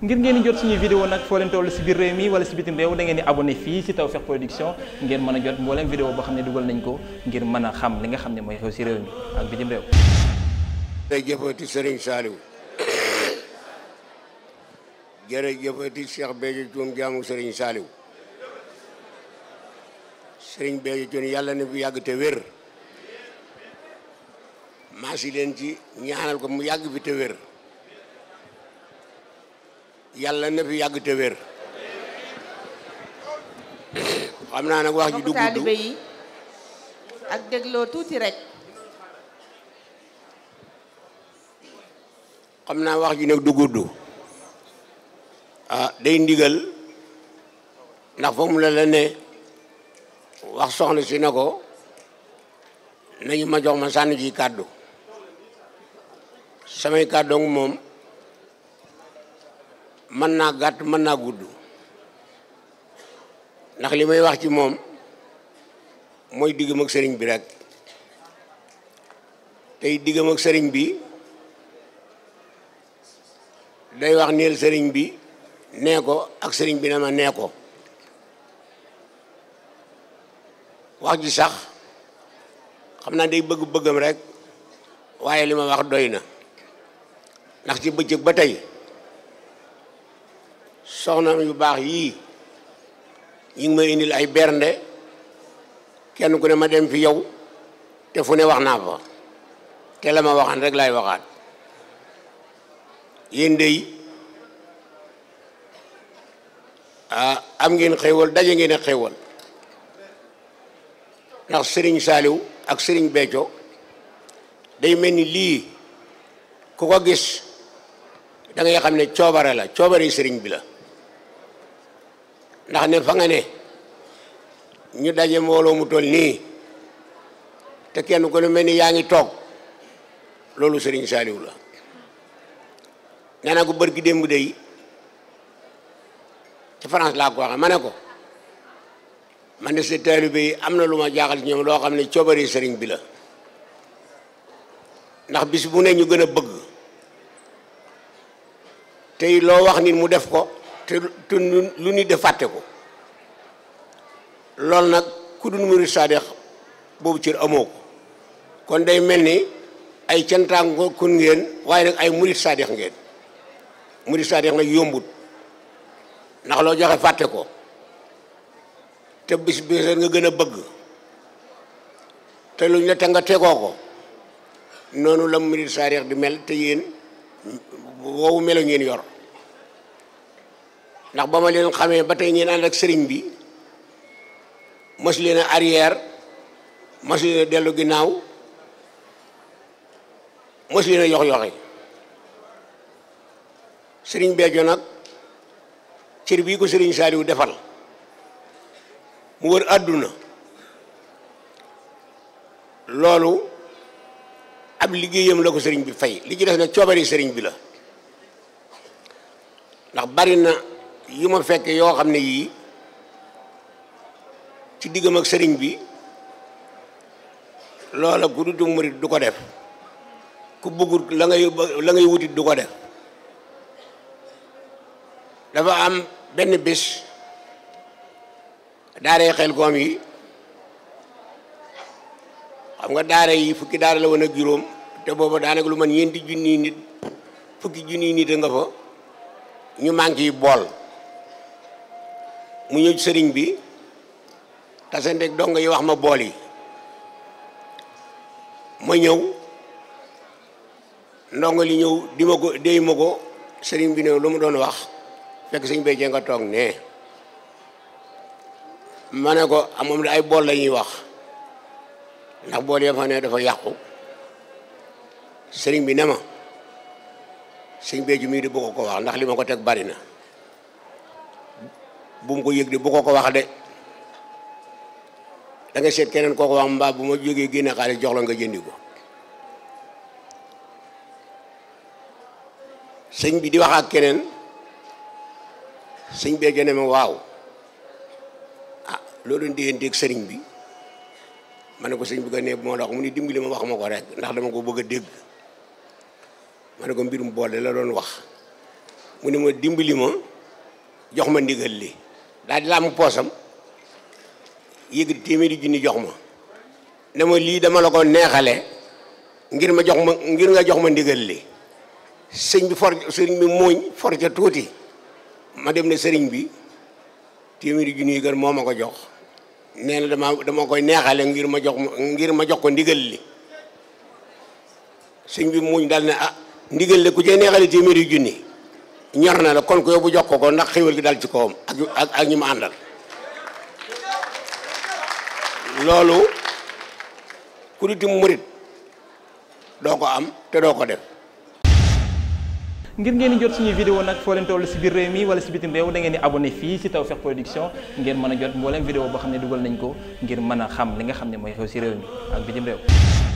ngir ngeen di jot suñuy vidéo nag foo leen toll si biir réew mi wala si bitim réew da ngeen di abonné fii si Tawfekh Production ngeen mën a jot mbooleem vidéo boo xam ne dugal nañ ko ngir mën a xam li nga xam ne mooy xew si réew mi ak bitim réew jërëjëfati Serigne Saliou jërëjëfati Cheikh Béthio Thioune jaamu Serigne Saliou Serigne Béthio Thioune yàlla na fi yàgg te wér maa leen ci ñaanal ko mu yàgg fi te wér yàlla na fi yàgg te wér xam naa nag wax ji du gudd tuuti rek xam naa wax ji nag du gudd ah day ndigal ndax fa mu la wax soxna si na ko nañu ma jox ma sànni ji kàddu samay kàddoog moom mën naa gàtt mën naa gudd ndax li may wax ci moom mooy diggam ak sëriñ bi rek tey diggam ak sëriñ bi day wax neel sëriñ bi nee ko ak sëriñ bi ne ma nee ko wax ji sax xam naa day bëgg bëggam rek waaye li ma wax doy na ndax ci bëccëg ba tey soxnaam yu baax yii ñu ngi may indil ay bernde kenn ku ne ma dem fi yow te fu ne wax naa fa te la ma waxaan rek laay waxaan yéen dey ah, am ngeen xéewal daje ngeen ak xéewal ndax sëriñ saaliw ak sëriñ becco day mel ni lii ku ko gis da ngay xam ne coobare la coobare sëriñ bi la ndax ne fa nga ne ñu daje mbooloo mu toll nii te kenn ko lu mel ni yaa ngi toog loolu sëriñ Saliou la nee naa ko bërki démb dey ci France laa ko waxee ma ne ko man de sa am na lu ma jaaxal ci ñoom loo xam ne coobari sëriñ bi la ndax bis bu ne ñu gën a bëgg tey loo wax nit mu def ko te lu ñuy def fàtte ko loolu nag ku dun murid saadix boobu cër amoo kon day mel ni ay cantaango kun ngeen waaye nag ay murid saadix ngeen murid saadix nag yombut ndax loo joxe fàtte ko te bis bis nga gën a bëgg te lu ñu te nga tegoo ko noonu la murid saadix di mel te yéen wowu melo ngeen yor ndax ba ma leen xamee ba tey ngeen ànd ak sëriñ bi mos leen a arrière leen dellu ginnaaw mos leen yox yoxi sëriñ Béthio nag cër bii ko sëriñ Saliou defal mu wër àdduna loolu ab liggéeyam la ko sëriñ bi fay li ci def nag coobari sëriñ bi la ndax bari yu ma fekk yoo xam ne yii ci diggam ak sëriñ bi loola ku dutu murit du ko def ku bëggut la ngay la ngay wutit du ko def dafa am benn bis daara xel koom yi xam nga daara yi fukki daara la woon ak te booba daanaka lu man ñeenti junniy nit fukki junniy nit a nga fa ñu manqué yi bool mu ñëw sëriñ bi tasanteeg dong yi wax ma bool yi ma ñëw ndongo li ñëw dima ma ko déy ma ko sëriñ bi ne lu mu doon wax fekk sëñ béy nga toog ne ma ne ko ah, moom da ay bool la wax ndax bool ya fa ne dafa yàqu sëriñ bi ne ma sëñ béy ju mii di bëgg ko wax ndax lima ko teg bari na bu ko yëg de bu ko ko wax de danga nga seet keneen koo ko wax mbaa bu ma jógee génne xaalis jox la nga jëndi ko sëñ bi di wax ak keneen sëñ bee gene ma waaw ah loolu ndiganteeg sëriñ bi ma ne ko sëñ bi ko nee bu ma la mu ni dimbali ma wax ma ko rek ndax dama ko bëgg a dégg ma ne ko mbirum boole la doon wax mu ne ma dimbali ma jox ma ndigal li daal di laamu poosam yëgati téeméeri junni jox ma ne ma lii dama la ko neexale ngir ma jox ma ngir nga jox ma ndigal li sëñ bi for sëriñ bi mooñ for ca tuuti ma dem ne sëriñ bi téeméeri junni yi gën moo ko jox nee dama dama koy neexale ngir ma jox ngir ma jox ko ndigal li sëñ bi muñ dal ne ah ndigal li ku cay neexale téeméeri junni ñor na la kon ko yóbbu jox ko ko ndax xéwal gi dal ci kawam ak ak ñi ma àndal loolu ku di tim murit doo ko am te doo ko def ngir ngeen jot suñu vidéo nag foo leen toll si biir réew mi wala si bitim réew da ngeen di abonné fii si taw Tawfekh Production ngeen mën a jot mbooleem vidéo boo xam ne dugal nañ ko ngir mën a xam li nga xam ne mooy xew si réew mi ak bitim réew